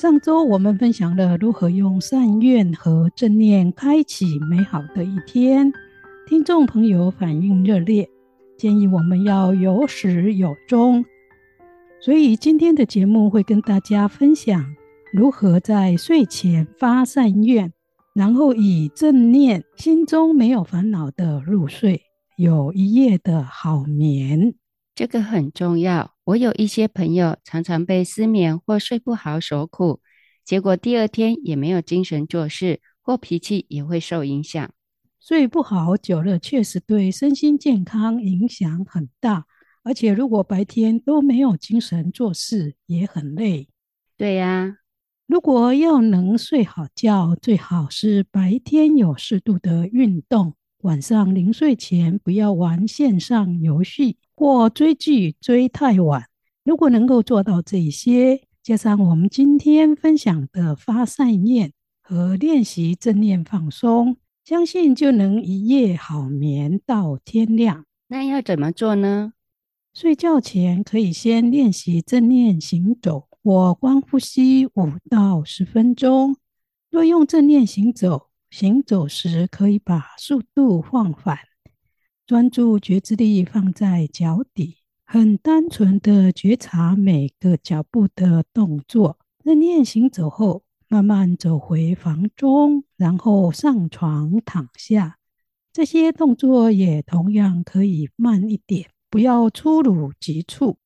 上周我們分享了如何用善願和正念開啟美好的一天，聽眾朋友反應熱烈，建議我們要有始有終。所以今天的節目會跟大家分享如何在睡前發善願，然後以正念，心中沒有煩惱的入睡，有一夜的好眠。這個很重要。我有一些朋友常常被失眠或睡不好所苦，結果第二天也沒有精神做事，或脾氣也會受影響。睡不好久了，確實對身心健康影響很大。而且如果白天都沒有精神做事，也很累。對呀、啊，如果要能睡好覺，最好是白天有適度的運動，晚上臨睡前不要玩線上遊戲。或追劇追太晚，如果能夠做到這一些，加上我們今天分享的發散念和練習正念放鬆，相信就能一夜好眠到天亮。那要怎麼做呢？睡覺前可以先練習正念行走，或觀呼吸五到十分鐘。若用正念行走，行走時可以把速度放緩。專注覺知力放在腳底，很單純的覺察每個腳步的動作。正念行走後，慢慢走回房中，然後上床躺下。這些動作也同樣可以慢一點，不要粗魯急促。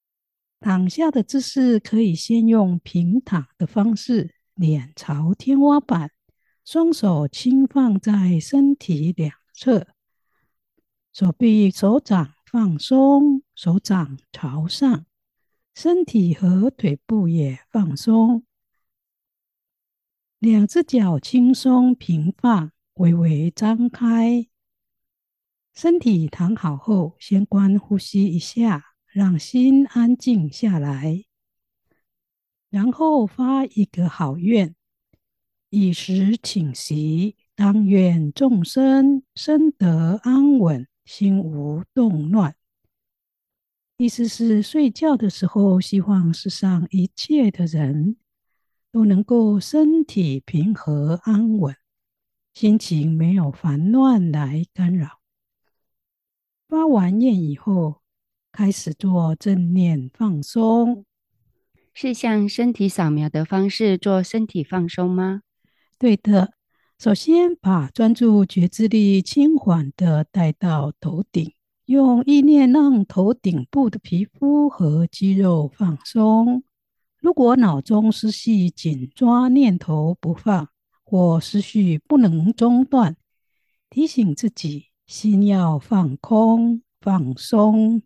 躺下的姿勢可以先用平躺的方式，臉朝天花板，雙手輕放在身體兩側。手臂、手掌放鬆，手掌朝上，身體和腿部也放鬆，兩隻腳輕鬆平放，微微張開。身體躺好後，先觀呼吸一下，讓心安靜下來，然後發一個好願：以時寢息，當願眾生，身得安隱。心無動亂，意思是睡覺的時候，希望世上一切的人都能夠身體平和安穩，心情沒有煩亂來干擾。發完願以後，開始做正念放鬆，是像身體掃描的方式做身體放鬆嗎？對的。首先，把專注覺知力輕緩地帶到頭頂，用意念讓頭頂部的皮膚和肌肉放鬆。如果腦中思緒緊抓念頭不放，或思緒不能中斷，提醒自己心要放空、放鬆。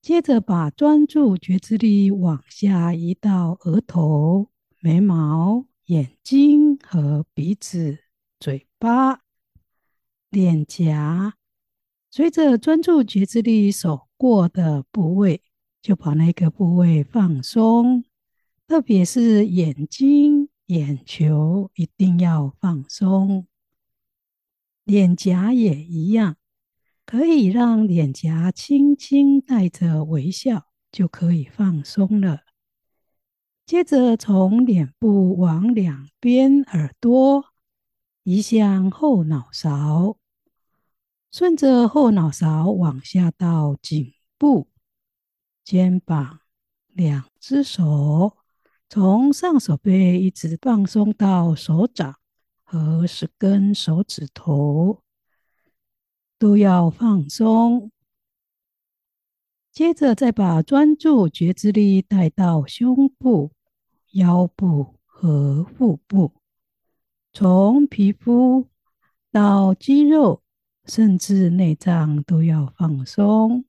接着，把專注覺知力往下移到額頭、眉毛。眼睛和鼻子、嘴巴、臉頰，隨着專注覺知力掃過的部位，就把那個部位放鬆。特別是眼睛、眼球，一定要放鬆。臉頰也一樣，可以讓臉頰輕輕帶着微笑，就可以放鬆了。接着從臉部往兩邊耳朵，移向後腦勺，順着後腦勺往下到頸部、肩膀，兩只手從上手背一直放鬆到手掌和十根手指頭，都要放鬆。接着再把專注覺知力帶到胸部。腰部和腹部，從皮膚到肌肉，甚至內臟都要放鬆，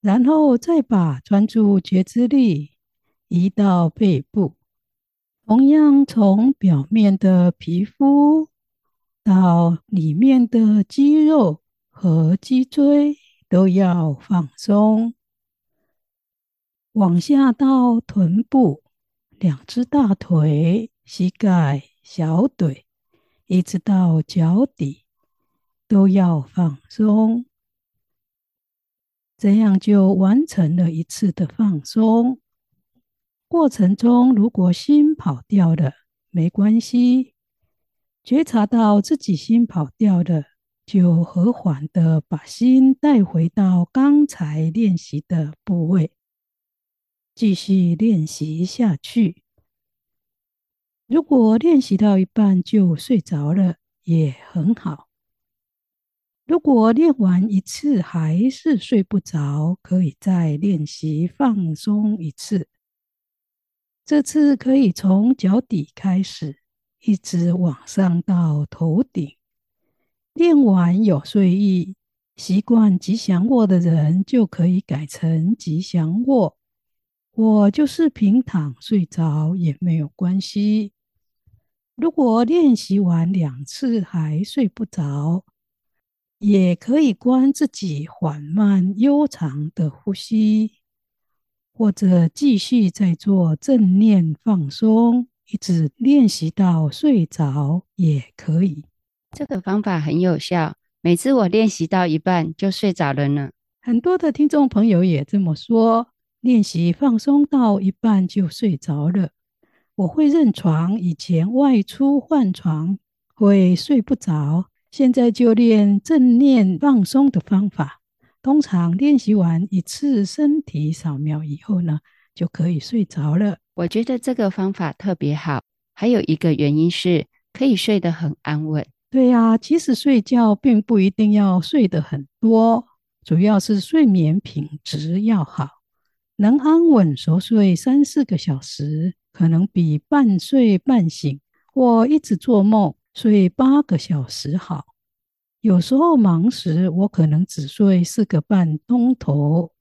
然後再把專注覺知力移到背部，同樣從表面的皮膚到裡面的肌肉和脊椎都要放鬆。往下到臀部、兩隻大腿、膝蓋、小腿，一直到腳底，都要放鬆。這樣就完成了一次的放鬆。過程中，如果心跑掉了，沒關係。覺察到自己心跑掉了，就和緩地把心帶回到剛才練習的部位。繼續練習下去。如果練習到一半就睡着了，也很好。如果練完一次還是睡不着，可以再練習放鬆一次。這次可以從腳底開始，一直往上到頭頂。練完有睡意，習慣吉祥臥的人就可以改成吉祥臥。我就是平躺睡着也沒有關係。如果練習完兩次還睡不着，也可以觀自己緩慢悠長的呼吸，或者繼續再做正念放鬆，一直練習到睡着也可以。這個方法很有效，每次我練習到一半就睡着了呢。很多的聽眾朋友也這麼說。練習放鬆到一半就睡着了。我會認床，以前外出換床會睡不着，現在就練正念放鬆的方法。通常練習完一次身體掃描以後呢，就可以睡着了。我覺得這個方法特別好。還有一個原因是可以睡得很安穩。對啊，其實睡覺並不一定要睡得很多，主要是睡眠品質要好。能安穩熟睡三四個小時，可能比半睡半醒或一直做夢睡八個小時好。有時候忙時，我可能只睡四個半鐘頭，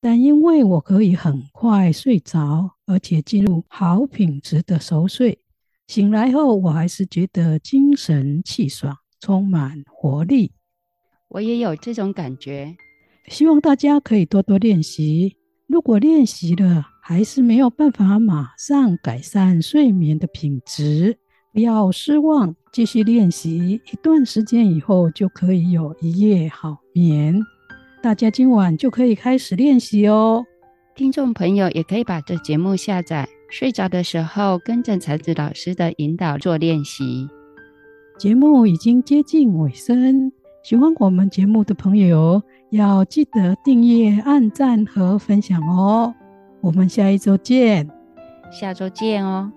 但因為我可以很快睡着，而且進入好品質的熟睡，醒來後我還是覺得精神氣爽，充滿活力。我也有這種感覺，希望大家可以多多練習。如果練習了還是沒有辦法馬上改善睡眠的品質，不要失望，繼續練習一段時間以後就可以有一夜好眠。大家今晚就可以開始練習哦。聽眾朋友也可以把這節目下載，睡着的時候跟着禪子老師的引導做練習。節目已經接近尾聲，喜歡我們節目的朋友，要記得訂閱、按讚和分享哦！我們下一周見，下周見哦。